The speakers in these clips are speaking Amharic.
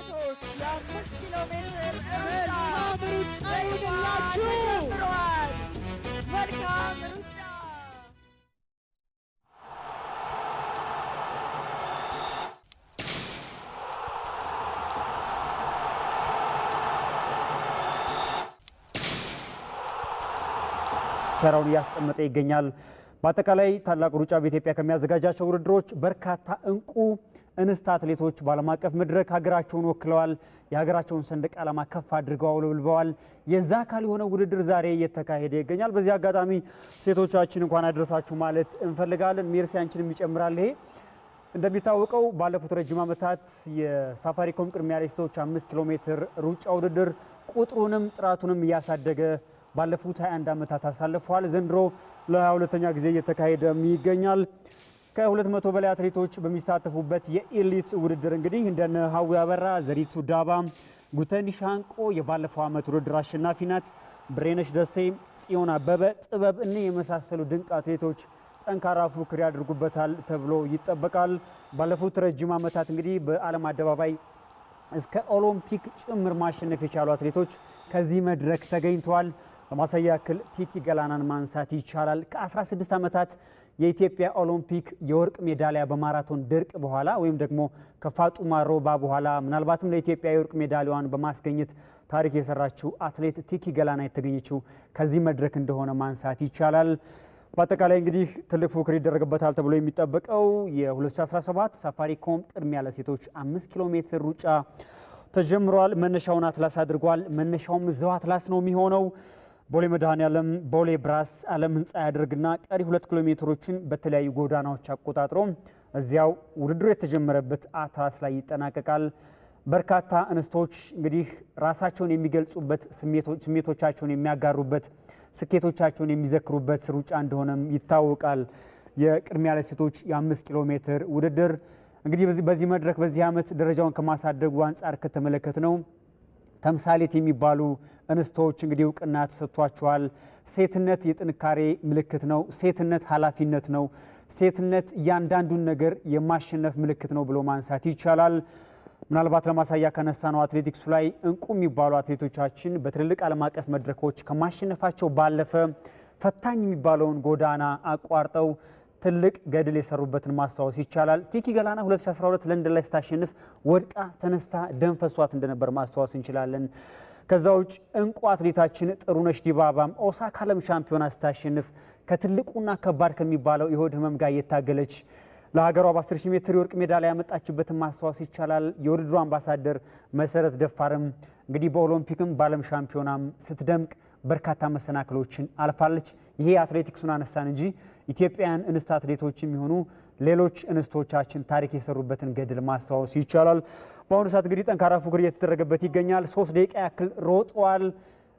ሴቶች የአምስት ኪሎ ሜትር ሩጫ ሩጫ መልካም ሩጫ። እያስቀመጠ ይገኛል። በአጠቃላይ ታላቁ ሩጫ በኢትዮጵያ ከሚያዘጋጃቸው ውድድሮች በርካታ እንቁ እንስት አትሌቶች በዓለም አቀፍ መድረክ ሀገራቸውን ወክለዋል። የሀገራቸውን ሰንደቅ ዓላማ ከፍ አድርገው አውለብልበዋል። የዛ አካል የሆነ ውድድር ዛሬ እየተካሄደ ይገኛል። በዚህ አጋጣሚ ሴቶቻችን እንኳን አደረሳችሁ ማለት እንፈልጋለን። ሜርሲያንችንም ይጨምራል። ይሄ እንደሚታወቀው ባለፉት ረጅም ዓመታት የሳፋሪኮም ቅድሚያ ሴቶች አምስት ኪሎ ሜትር ሩጫ ውድድር ቁጥሩንም ጥራቱንም እያሳደገ ባለፉት 21 ዓመታት አሳልፈዋል። ዘንድሮ ለ22ኛ ጊዜ እየተካሄደም ይገኛል። ከ200 በላይ አትሌቶች በሚሳተፉበት የኤሊት ውድድር እንግዲህ እንደነ ሀዊ አበራ፣ ዘሪቱ ዳባ፣ ጉተን ሻንቆ የባለፈው ዓመት ውድድር አሸናፊ ናት። ብሬነሽ ደሴ፣ ጽዮን አበበ፣ ጥበብ እኔ የመሳሰሉ ድንቅ አትሌቶች ጠንካራ ፉክክር ያደርጉበታል ተብሎ ይጠበቃል። ባለፉት ረጅም ዓመታት እንግዲህ በዓለም አደባባይ እስከ ኦሎምፒክ ጭምር ማሸነፍ የቻሉ አትሌቶች ከዚህ መድረክ ተገኝተዋል። በማሳያ ያክል ቲቲ ገላናን ማንሳት ይቻላል። ከ16 ዓመታት የኢትዮጵያ ኦሎምፒክ የወርቅ ሜዳሊያ በማራቶን ድርቅ በኋላ ወይም ደግሞ ከፋጡማ ሮባ በኋላ ምናልባትም ለኢትዮጵያ የወርቅ ሜዳሊያዋን በማስገኘት ታሪክ የሰራችው አትሌት ቲኪ ገላና የተገኘችው ከዚህ መድረክ እንደሆነ ማንሳት ይቻላል። በአጠቃላይ እንግዲህ ትልቅ ፉክክር ይደረግበታል ተብሎ የሚጠበቀው የ2017 ሳፋሪኮም ቅድሚያ ለሴቶች አምስት ኪሎ ሜትር ሩጫ ተጀምሯል። መነሻውን አትላስ አድርጓል። መነሻውም እዛው አትላስ ነው የሚሆነው። ቦሌ መድኃኔዓለም ቦሌ ብራስ ዓለም ህንፃ ያደርግና ቀሪ ሁለት ኪሎ ሜትሮችን በተለያዩ ጎዳናዎች አቆጣጥሮ እዚያው ውድድሩ የተጀመረበት አትራስ ላይ ይጠናቀቃል። በርካታ እንስቶች እንግዲህ ራሳቸውን የሚገልጹበት፣ ስሜቶቻቸውን የሚያጋሩበት፣ ስኬቶቻቸውን የሚዘክሩበት ሩጫ እንደሆነም ይታወቃል። የቅድሚያ ለሴቶች የአምስት ኪሎ ሜትር ውድድር እንግዲህ በዚህ መድረክ በዚህ ዓመት ደረጃውን ከማሳደጉ አንጻር ከተመለከት ነው ተምሳሌት የሚባሉ እንስቶች እንግዲህ እውቅና ተሰጥቷቸዋል። ሴትነት የጥንካሬ ምልክት ነው። ሴትነት ኃላፊነት ነው። ሴትነት እያንዳንዱን ነገር የማሸነፍ ምልክት ነው ብሎ ማንሳት ይቻላል። ምናልባት ለማሳያ ከነሳ ነው አትሌቲክሱ ላይ እንቁ የሚባሉ አትሌቶቻችን በትልልቅ ዓለም አቀፍ መድረኮች ከማሸነፋቸው ባለፈ ፈታኝ የሚባለውን ጎዳና አቋርጠው ትልቅ ገድል የሰሩበትን ማስታወስ ይቻላል። ቲኪ ገላና 2012 ለንደን ላይ ስታሸንፍ ወድቃ ተነስታ ደም ፈሷት እንደነበር ማስታወስ እንችላለን። ከዛ ውጭ እንቁ አትሌታችን ጥሩነሽ ዲባባም ኦሳካ ዓለም ሻምፒዮና ስታሸንፍ ከትልቁና ከባድ ከሚባለው የሆድ ህመም ጋር እየታገለች ለሀገሯ በ10 ሺህ ሜትር የወርቅ ሜዳሊያ ያመጣችበትን ማስታወስ ይቻላል። የውድድሩ አምባሳደር መሰረት ደፋርም እንግዲህ በኦሎምፒክም በዓለም ሻምፒዮናም ስትደምቅ በርካታ መሰናክሎችን አልፋለች። ይሄ አትሌቲክሱን አነሳን እንጂ ኢትዮጵያውያን እንስት አትሌቶች የሚሆኑ ሌሎች እንስቶቻችን ታሪክ የሰሩበትን ገድል ማስተዋወስ ይቻላል። በአሁኑ ሰዓት እንግዲህ ጠንካራ ፉክክር እየተደረገበት ይገኛል። ሶስት ደቂቃ ያክል ሮጠዋል።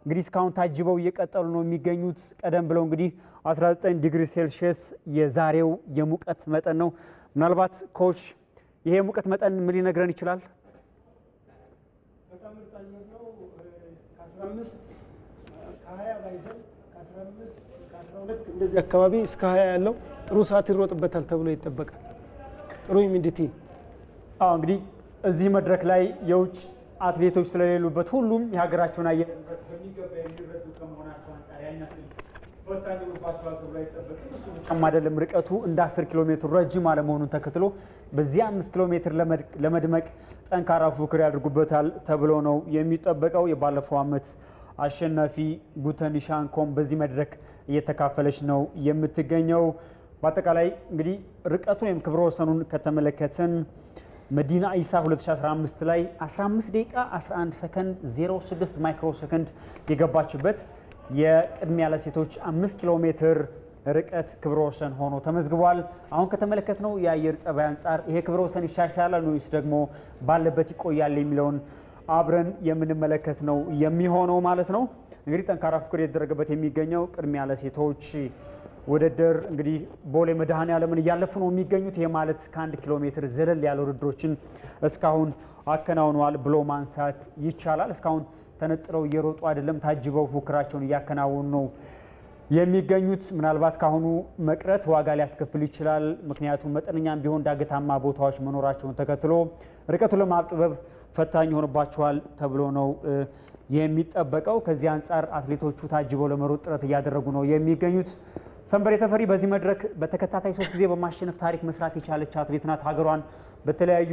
እንግዲህ እስካሁን ታጅበው እየቀጠሉ ነው የሚገኙት። ቀደም ብለው እንግዲህ 19 ዲግሪ ሴልሺየስ የዛሬው የሙቀት መጠን ነው። ምናልባት ኮች ይሄ የሙቀት መጠን ምን ሊነግረን ይችላል? በጣም ነው። ከ15 ከ20 ባይዘን እንደዚህ አካባቢ እስከ ሀያ ያለው ጥሩ ሰዓት ይሮጥበታል ተብሎ ይጠበቃል። ጥሩ ኢሚዲቲ አዎ። እንግዲህ እዚህ መድረክ ላይ የውጭ አትሌቶች ስለሌሉበት ሁሉም የሀገራቸውን አየር ብቻም አይደለም ርቀቱ እንደ አስር ኪሎ ሜትር ረጅም አለመሆኑን ተከትሎ በዚህ አምስት ኪሎ ሜትር ለመድመቅ ጠንካራ ፉክክር ያደርጉበታል ተብሎ ነው የሚጠበቀው የባለፈው አመት ። አሸናፊ ጉተኒሻንኮም በዚህ መድረክ እየተካፈለች ነው የምትገኘው። በአጠቃላይ እንግዲህ ርቀቱን ወይም ክብረ ወሰኑን ከተመለከትን መዲና ኢሳ 2015 ላይ 15 ደቂቃ 11 ሰከንድ 06 ማይክሮ ሰከንድ የገባችበት የቅድሚያ ለሴቶች 5 ኪሎ ሜትር ርቀት ክብረ ወሰን ሆኖ ተመዝግቧል። አሁን ከተመለከትነው የአየር ጸባይ አንጻር ይሄ ክብረ ወሰን ይሻሻላል ወይስ ደግሞ ባለበት ይቆያል የሚለውን አብረን የምንመለከት ነው የሚሆነው ማለት ነው። እንግዲህ ጠንካራ ፉክክር የተደረገበት የሚገኘው ቅድሚያ ለሴቶች ውድድር እንግዲህ ቦሌ መድኃኔ ዓለምን እያለፉ ነው የሚገኙት። ይህ ማለት ከአንድ ኪሎ ሜትር ዘለል ያለ ውድድሮችን እስካሁን አከናውኗል ብሎ ማንሳት ይቻላል። እስካሁን ተነጥለው እየሮጡ አይደለም፣ ታጅበው ፉክራቸውን እያከናወኑ ነው የሚገኙት። ምናልባት ካሁኑ መቅረት ዋጋ ሊያስከፍል ይችላል። ምክንያቱም መጠነኛም ቢሆን ዳገታማ ቦታዎች መኖራቸውን ተከትሎ ርቀቱን ለማጥበብ ፈታኝ ይሆንባቸዋል ተብሎ ነው የሚጠበቀው። ከዚህ አንጻር አትሌቶቹ ታጅበው ለመሮጥ ጥረት እያደረጉ ነው የሚገኙት። ሰንበሬ ተፈሪ በዚህ መድረክ በተከታታይ ሶስት ጊዜ በማሸነፍ ታሪክ መስራት የቻለች አትሌት ናት። ሀገሯን በተለያዩ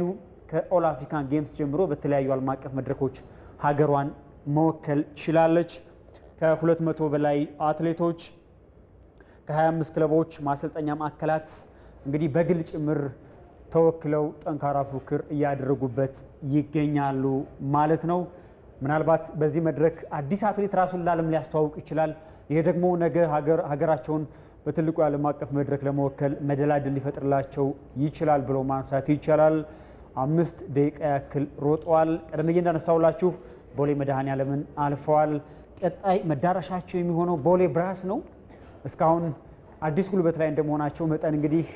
ከኦል አፍሪካን ጌምስ ጀምሮ በተለያዩ ዓለም አቀፍ መድረኮች ሀገሯን መወከል ችላለች። ከ200 በላይ አትሌቶች ከ25 ክለቦች ማሰልጠኛ ማዕከላት እንግዲህ በግል ጭምር ተወክለው ጠንካራ ፉክክር እያደረጉበት ይገኛሉ ማለት ነው። ምናልባት በዚህ መድረክ አዲስ አትሌት ራሱን ለዓለም ሊያስተዋውቅ ይችላል። ይሄ ደግሞ ነገ ሀገራቸውን በትልቁ የዓለም አቀፍ መድረክ ለመወከል መደላድል ሊፈጥርላቸው ይችላል ብሎ ማንሳት ይቻላል። አምስት ደቂቃ ያክል ሮጠዋል። ቀደም እንዳነሳውላችሁ ቦሌ መድኃኔ ዓለምን አልፈዋል። ቀጣይ መዳረሻቸው የሚሆነው ቦሌ ብራስ ነው። እስካሁን አዲስ ጉልበት ላይ እንደመሆናቸው መጠን እንግዲህ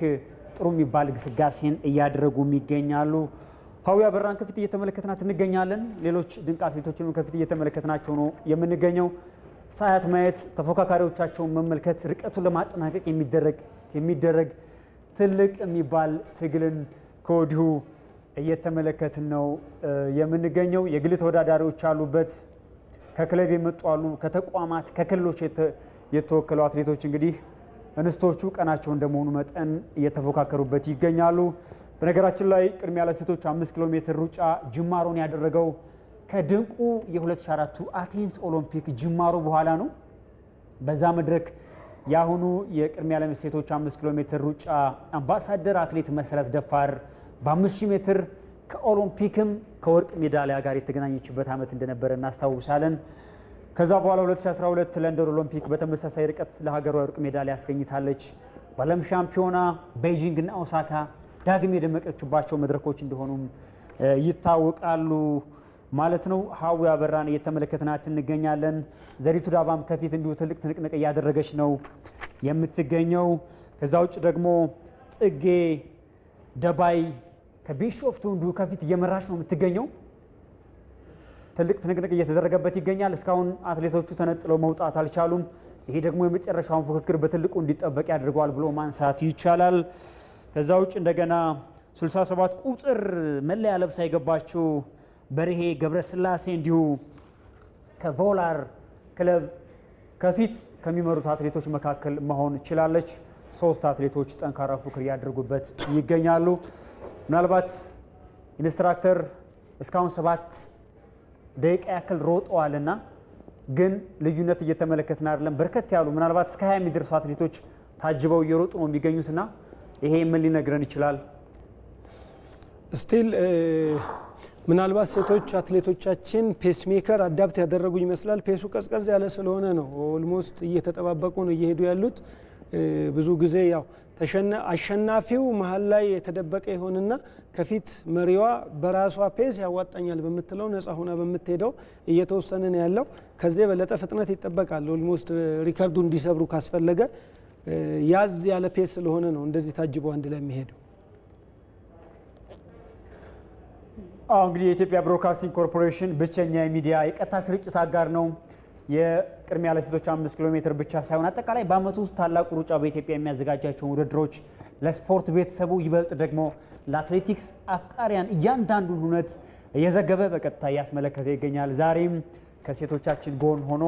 ጥሩ የሚባል ግስጋሴን እያደረጉ ይገኛሉ። ሀዊ አበራን ከፊት እየተመለከትናት እንገኛለን። ሌሎች ድንቅ አትሌቶችንም ከፊት እየተመለከትናቸው ነው የምንገኘው። ሳያት ማየት፣ ተፎካካሪዎቻቸውን መመልከት፣ ርቀቱን ለማጠናቀቅ የሚደረግ ትልቅ የሚባል ትግልን ከወዲሁ እየተመለከትን ነው የምንገኘው። የግል ተወዳዳሪዎች አሉበት ከክለብ የመጡ አሉ፣ ከተቋማት ከክልሎች የተወከሉ አትሌቶች እንግዲህ እንስቶቹ ቀናቸው እንደመሆኑ መጠን እየተፎካከሩበት ይገኛሉ። በነገራችን ላይ ቅድሚያ ለሴቶች አምስት ኪሎ ሜትር ሩጫ ጅማሮን ያደረገው ከድንቁ የ2004 አቴንስ ኦሎምፒክ ጅማሮ በኋላ ነው። በዛ መድረክ የአሁኑ የቅድሚያ ሴቶች አምስት ኪሎ ሜትር ሩጫ አምባሳደር አትሌት መሰረት ደፋር በ ሺህ ሜትር ከኦሎምፒክም ከወርቅ ሜዳሊያ ጋር የተገናኘችበት ዓመት እንደነበረ እናስታውሳለን። ከዛ በኋላ 2012 ለንደን ኦሎምፒክ በተመሳሳይ ርቀት ለሀገሯ የወርቅ ሜዳሊያ አስገኝታለች። በዓለም ሻምፒዮና ቤይጂንግና ኦሳካ ዳግም የደመቀችባቸው መድረኮች እንደሆኑም ይታወቃሉ ማለት ነው። ሀዊ አበራን እየተመለከትናት እንገኛለን። ዘሪቱ ዳባም ከፊት እንዲሁ ትልቅ ትንቅንቅ እያደረገች ነው የምትገኘው። ከዛ ውጭ ደግሞ ጽጌ ደባይ ከቢሾፍቱ እንዲሁ ከፊት እየመራች ነው የምትገኘው። ትልቅ ትንቅንቅ እየተደረገበት ይገኛል። እስካሁን አትሌቶቹ ተነጥለው መውጣት አልቻሉም። ይሄ ደግሞ የመጨረሻውን ፉክክር በትልቁ እንዲጠበቅ ያደርገዋል ብሎ ማንሳት ይቻላል። ከዛ ውጭ እንደገና 67 ቁጥር መለያ ለብሳ የገባችው በርሄ ገብረስላሴ እንዲሁ ከቮላር ክለብ ከፊት ከሚመሩት አትሌቶች መካከል መሆን ችላለች። ሶስት አትሌቶች ጠንካራ ፉክክር እያደረጉበት ይገኛሉ። ምናልባት ኢንስትራክተር እስካሁን ሰባት ደቂቃ ያክል ሮጠዋልና ግን ልዩነት እየተመለከትን አይደለም። በርከት ያሉ ምናልባት እስከ 20 የሚደርሱ አትሌቶች ታጅበው እየሮጡ ነው የሚገኙትና ይሄ ምን ሊነግረን ይችላል? ስቲል ምናልባት ሴቶች አትሌቶቻችን ፔስ ሜከር አዳፕት ያደረጉ ይመስላል። ፔሱ ቀዝቀዝ ያለ ስለሆነ ነው ኦልሞስት እየተጠባበቁ ነው እየሄዱ ያሉት ብዙ ጊዜ ያው አሸናፊው መሀል ላይ የተደበቀ ይሆንና ከፊት መሪዋ በራሷ ፔዝ ያዋጣኛል በምትለው ነጻ ሆና በምትሄደው እየተወሰነ ነው ያለው። ከዚህ የበለጠ ፍጥነት ይጠበቃል። ኦልሞስት ሪከርዱ እንዲሰብሩ ካስፈለገ ያዝ ያለ ፔዝ ስለሆነ ነው እንደዚህ ታጅቦ አንድ ላይ የሚሄደው። አሁ እንግዲህ የኢትዮጵያ ብሮድካስቲንግ ኮርፖሬሽን ብቸኛ የሚዲያ የቀጥታ ስርጭት አጋር ነው። የቅድሚያ ለሴቶች አምስት ኪሎ ሜትር ብቻ ሳይሆን አጠቃላይ በዓመቱ ውስጥ ታላቁ ሩጫ በኢትዮጵያ የሚያዘጋጃቸውን ውድድሮች ለስፖርት ቤተሰቡ ይበልጥ ደግሞ ለአትሌቲክስ አፍቃሪያን እያንዳንዱን እውነት እየዘገበ በቀጥታ እያስመለከተ ይገኛል። ዛሬም ከሴቶቻችን ጎን ሆኖ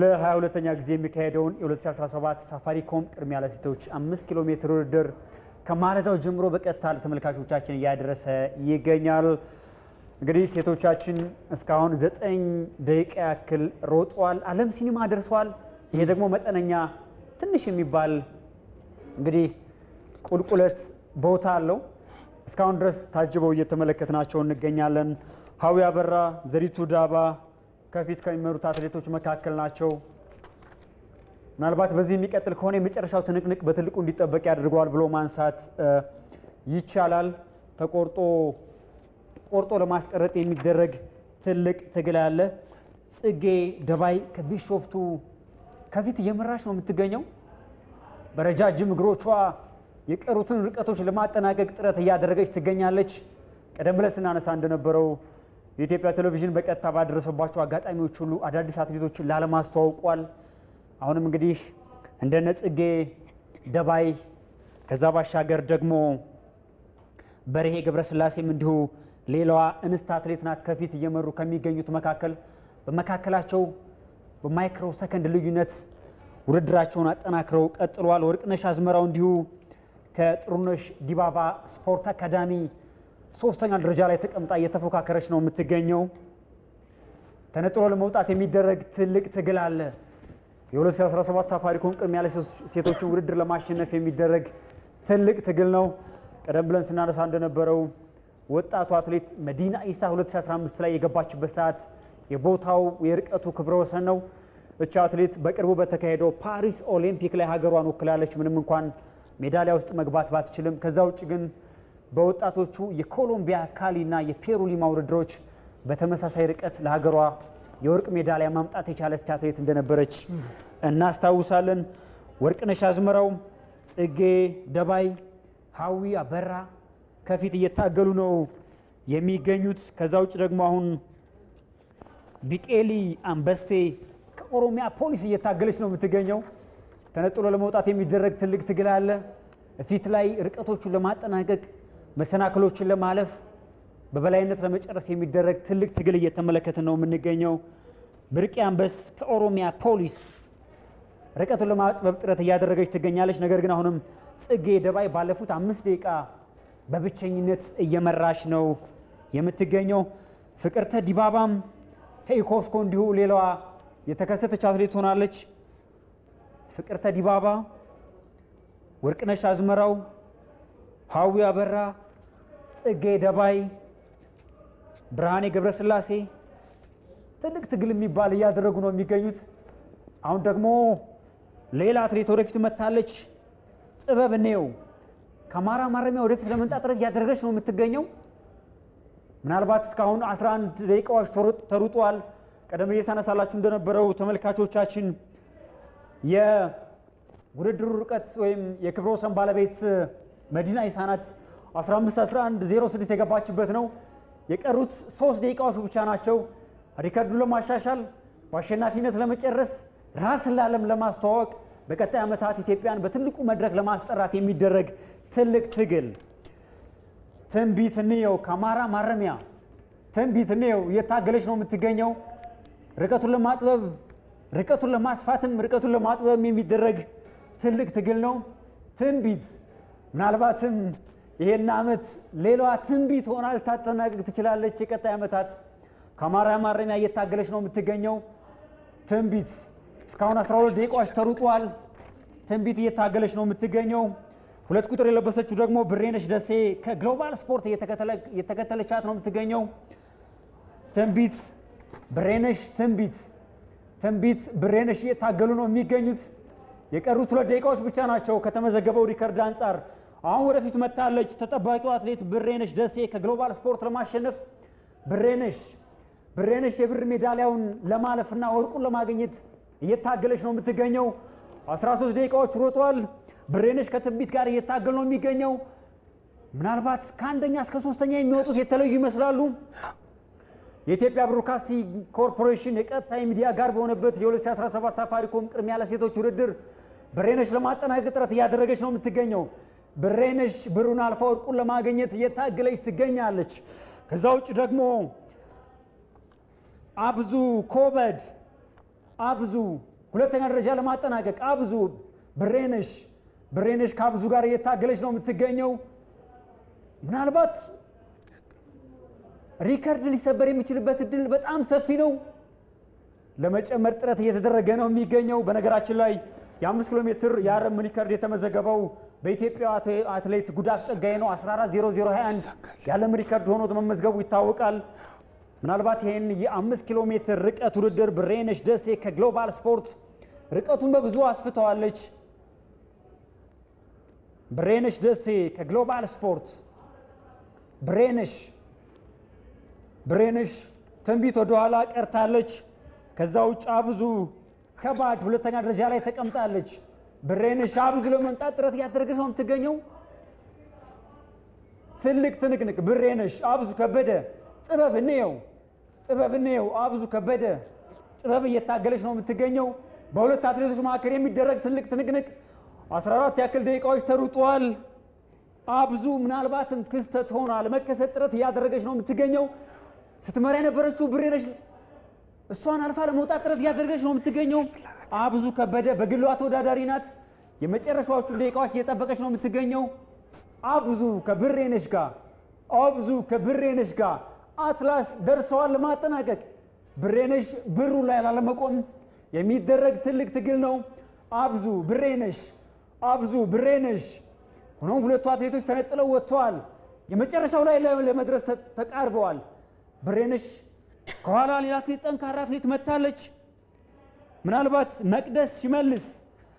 ለ22ኛ ጊዜ የሚካሄደውን የ2017 ሳፋሪኮም ቅድሚያ ለሴቶች 5 ኪሎ ሜትር ውድድር ከማለዳው ጀምሮ በቀጥታ ለተመልካቾቻችን እያደረሰ ይገኛል። እንግዲህ ሴቶቻችን እስካሁን ዘጠኝ ደቂቃ ያክል ሮጧል፣ ዓለም ሲኒማ ደርሷል። ይሄ ደግሞ መጠነኛ ትንሽ የሚባል እንግዲህ ቁልቁለት ቦታ አለው። እስካሁን ድረስ ታጅበው እየተመለከትናቸው እንገኛለን። ሀዊ አበራ፣ ዘሪቱ ዳባ ከፊት ከሚመሩት አትሌቶች መካከል ናቸው። ምናልባት በዚህ የሚቀጥል ከሆነ የመጨረሻው ትንቅንቅ በትልቁ እንዲጠበቅ ያደርገዋል ብሎ ማንሳት ይቻላል። ተቆርጦ ቆርጦ ለማስቀረጥ የሚደረግ ትልቅ ትግል አለ። ጽጌ ደባይ ከቢሾፍቱ ከፊት እየመራች ነው የምትገኘው። በረጃጅም እግሮቿ የቀሩትን ርቀቶች ለማጠናቀቅ ጥረት እያደረገች ትገኛለች። ቀደም ብለን ስናነሳ እንደነበረው የኢትዮጵያ ቴሌቪዥን በቀጥታ ባደረሰባቸው አጋጣሚዎች ሁሉ አዳዲስ አትሌቶችን ላለማስተዋውቋል። አሁንም እንግዲህ እንደነ ጽጌ ደባይ ከዛ ባሻገር ደግሞ በርሄ ገብረስላሴም እንዲሁ ሌላዋ እንስት አትሌት ናት። ከፊት እየመሩ ከሚገኙት መካከል በመካከላቸው በማይክሮ ሰከንድ ልዩነት ውድድራቸውን አጠናክረው ቀጥለዋል። ወርቅነሽ አዝመራው እንዲሁ ከጥሩነሽ ዲባባ ስፖርት አካዳሚ ሶስተኛ ደረጃ ላይ ተቀምጣ እየተፎካከረች ነው የምትገኘው። ተነጥሎ ለመውጣት የሚደረግ ትልቅ ትግል አለ። የ2017 ሳፋሪኮም ቅድሚያ ሴቶችን ውድድር ለማሸነፍ የሚደረግ ትልቅ ትግል ነው። ቀደም ብለን ስናነሳ እንደነበረው ወጣቱ አትሌት መዲና ኢሳ 2015 ላይ የገባችበት ሰዓት የቦታው የርቀቱ ክብረ ወሰን ነው። እቺ አትሌት በቅርቡ በተካሄደው ፓሪስ ኦሊምፒክ ላይ ሀገሯን ወክላለች። ምንም እንኳን ሜዳሊያ ውስጥ መግባት ባትችልም፣ ከዛ ውጭ ግን በወጣቶቹ የኮሎምቢያ ካሊና የፔሩ ሊማ ውድድሮች በተመሳሳይ ርቀት ለሀገሯ የወርቅ ሜዳሊያ ማምጣት የቻለች አትሌት እንደነበረች እናስታውሳለን። ወርቅነሽ አዝመራው፣ ጽጌ ደባይ፣ ሀዊ አበራ ከፊት እየታገሉ ነው የሚገኙት። ከዛ ውጭ ደግሞ አሁን ቢቄሊ አንበሴ ከኦሮሚያ ፖሊስ እየታገለች ነው የምትገኘው። ተነጥሎ ለመውጣት የሚደረግ ትልቅ ትግል አለ። ፊት ላይ ርቀቶቹን ለማጠናቀቅ መሰናክሎችን ለማለፍ በበላይነት ለመጨረስ የሚደረግ ትልቅ ትግል እየተመለከትን ነው የምንገኘው። ብርቅ አንበስ ከኦሮሚያ ፖሊስ ርቀቱን ለማጥበብ ጥረት እያደረገች ትገኛለች። ነገር ግን አሁንም ጽጌ ደባይ ባለፉት አምስት ደቂቃ በብቸኝነት እየመራች ነው የምትገኘው። ፍቅርተ ዲባባም ከኢኮስኮ እንዲሁ ሌላዋ የተከሰተች አትሌት ሆናለች። ፍቅርተ ዲባባ፣ ወርቅነሽ አዝመራው፣ ሀዊ አበራ፣ ጽጌ ደባይ፣ ብርሃኔ ገብረስላሴ ትልቅ ትግል የሚባል እያደረጉ ነው የሚገኙት። አሁን ደግሞ ሌላ አትሌት ወደፊት መታለች። ጥበብ እንየው ከአማራ ማረሚያ ወደፊት ለመምጣት ጥረት እያደረገች ነው የምትገኘው። ምናልባት እስካሁን 11 ደቂቃዎች ተሩጧል። ቀደም እየሳነሳላችሁ እንደነበረው ተመልካቾቻችን የውድድሩ ርቀት ወይም የክብረ ወሰን ባለቤት መዲና ኢሳ ናት። 151106 የገባችበት ነው። የቀሩት ሶስት ደቂቃዎች ብቻ ናቸው። ሪከርዱ ለማሻሻል በአሸናፊነት ለመጨረስ ራስን ለዓለም ለማስተዋወቅ በቀጣይ ዓመታት ኢትዮጵያን በትልቁ መድረክ ለማስጠራት የሚደረግ ትልቅ ትግል። ትንቢት እንየው ከአማራ ማረሚያ ትንቢት እንየው እየታገለች ነው የምትገኘው። ርቀቱን ለማጥበብ ርቀቱን ለማስፋትም ርቀቱን ለማጥበብም የሚደረግ ትልቅ ትግል ነው። ትንቢት ምናልባትም ይሄን ዓመት ሌላዋ ትንቢት ሆና ልታጠናቅቅ ትችላለች። የቀጣይ ዓመታት ከአማራ ማረሚያ እየታገለች ነው የምትገኘው ትንቢት እስካሁን 12 ደቂቃዎች ተሩጧል። ትንቢት እየታገለች ነው የምትገኘው። ሁለት ቁጥር የለበሰችው ደግሞ ብሬነሽ ደሴ ከግሎባል ስፖርት እየተከተለቻት ነው የምትገኘው። ትንቢት ብሬነሽ፣ ትንቢት ትንቢት ብሬነሽ እየታገሉ ነው የሚገኙት። የቀሩት ሁለት ደቂቃዎች ብቻ ናቸው ከተመዘገበው ሪከርድ አንጻር። አሁን ወደፊት መታለች ተጠባቂው አትሌት ብሬነሽ ደሴ ከግሎባል ስፖርት ለማሸነፍ ብሬነሽ ብሬነሽ የብር ሜዳሊያውን ለማለፍና ወርቁን ለማግኘት እየታገለች ነው የምትገኘው። 13 ደቂቃዎች ሮጧል። ብሬነሽ ከትንቢት ጋር እየታገል ነው የሚገኘው። ምናልባት ከአንደኛ እስከ ሶስተኛ የሚወጡት የተለዩ ይመስላሉ። የኢትዮጵያ ብሮድካስቲንግ ኮርፖሬሽን የቀጥታ ሚዲያ ጋር በሆነበት የ2017 ሳፋሪኮም ቅድሚያ ለሴቶች ውድድር ብሬነሽ ለማጠናቀቅ ጥረት እያደረገች ነው የምትገኘው። ብሬነሽ ብሩን አልፋ ወርቁን ለማግኘት እየታገለች ትገኛለች። ከዛ ውጭ ደግሞ አብዙ ኮበድ አብዙ። ሁለተኛ ደረጃ ለማጠናቀቅ አብዙ። ብሬነሽ ብሬነሽ ከአብዙ ጋር እየታገለች ነው የምትገኘው። ምናልባት ሪከርድ ሊሰበር የሚችልበት እድል በጣም ሰፊ ነው። ለመጨመር ጥረት እየተደረገ ነው የሚገኘው። በነገራችን ላይ የአምስት ኪሎ ሜትር የዓለም ሪከርድ የተመዘገበው በኢትዮጵያ አትሌት ጉዳፍ ጸጋዬ ነው። 140021 የዓለም ሪከርድ ሆኖ መመዝገቡ ይታወቃል። ምናልባት ይህን የአምስት ኪሎ ሜትር ርቀት ውድድር ብሬነሽ ደሴ ከግሎባል ስፖርት ርቀቱን በብዙ አስፍተዋለች። ብሬነሽ ደሴ ከግሎባል ስፖርት ብሬነሽ ብሬነሽ ትንቢት ወደኋላ ቀርታለች። ከዛ ውጭ አብዙ ከባድ ሁለተኛ ደረጃ ላይ ተቀምጣለች። ብሬነሽ አብዙ ለመምጣት ጥረት እያደረገች ነው የምትገኘው። ትልቅ ትንቅንቅ ብሬነሽ አብዙ ከበደ ጥበብ እንየው ጥበብን አብዙ ከበደ ጥበብ እየታገለች ነው የምትገኘው። በሁለት አትሌቶች መካከል የሚደረግ ትልቅ ትንቅንቅ 14 ያክል ደቂቃዎች ተሩጧል። አብዙ ምናልባትም ክስተት ሆኗል መከሰት ጥረት እያደረገች ነው የምትገኘው። ስትመራ የነበረችው ብሬነሽ እሷን አልፋ ለመውጣት ጥረት እያደረገች ነው የምትገኘው። አብዙ ከበደ በግሏ ተወዳዳሪ ናት። የመጨረሻዎቹ ደቂቃዎች እየጠበቀች ነው የምትገኘው። አብዙ ከብሬነሽ ጋር አብዙ ከብሬነሽ ጋር አትላስ ደርሰዋል ለማጠናቀቅ ብሬነሽ ብሩ ላይ ላለመቆም የሚደረግ ትልቅ ትግል ነው። አብዙ ብሬነሽ፣ አብዙ ብሬነሽ። ሆኖም ሁለቱ አትሌቶች ተነጥለው ወጥተዋል። የመጨረሻው ላይ ለመድረስ ተቃርበዋል። ብሬነሽ ከኋላ ሌላ አትሌት ጠንካራ አትሌት መታለች። ምናልባት መቅደስ ሲመልስ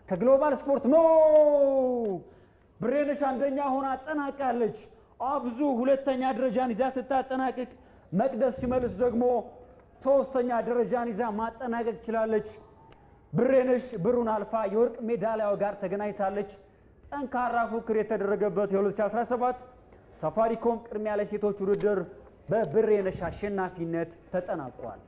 ከግሎባል ስፖርት ሞ ብሬነሽ አንደኛ ሆና አጠናቃለች። አብዙ ሁለተኛ ደረጃን ይዛ ስታጠናቅቅ መቅደስ ሲመልስ ደግሞ ሶስተኛ ደረጃን ይዛ ማጠናቀቅ ችላለች። ብሬነሽ ብሩን አልፋ የወርቅ ሜዳሊያው ጋር ተገናኝታለች። ጠንካራ ፉክር የተደረገበት የ2017 ሳፋሪኮም ቅድሚያ ለሴቶች ውድድር በብሬነሽ አሸናፊነት ተጠናቋል።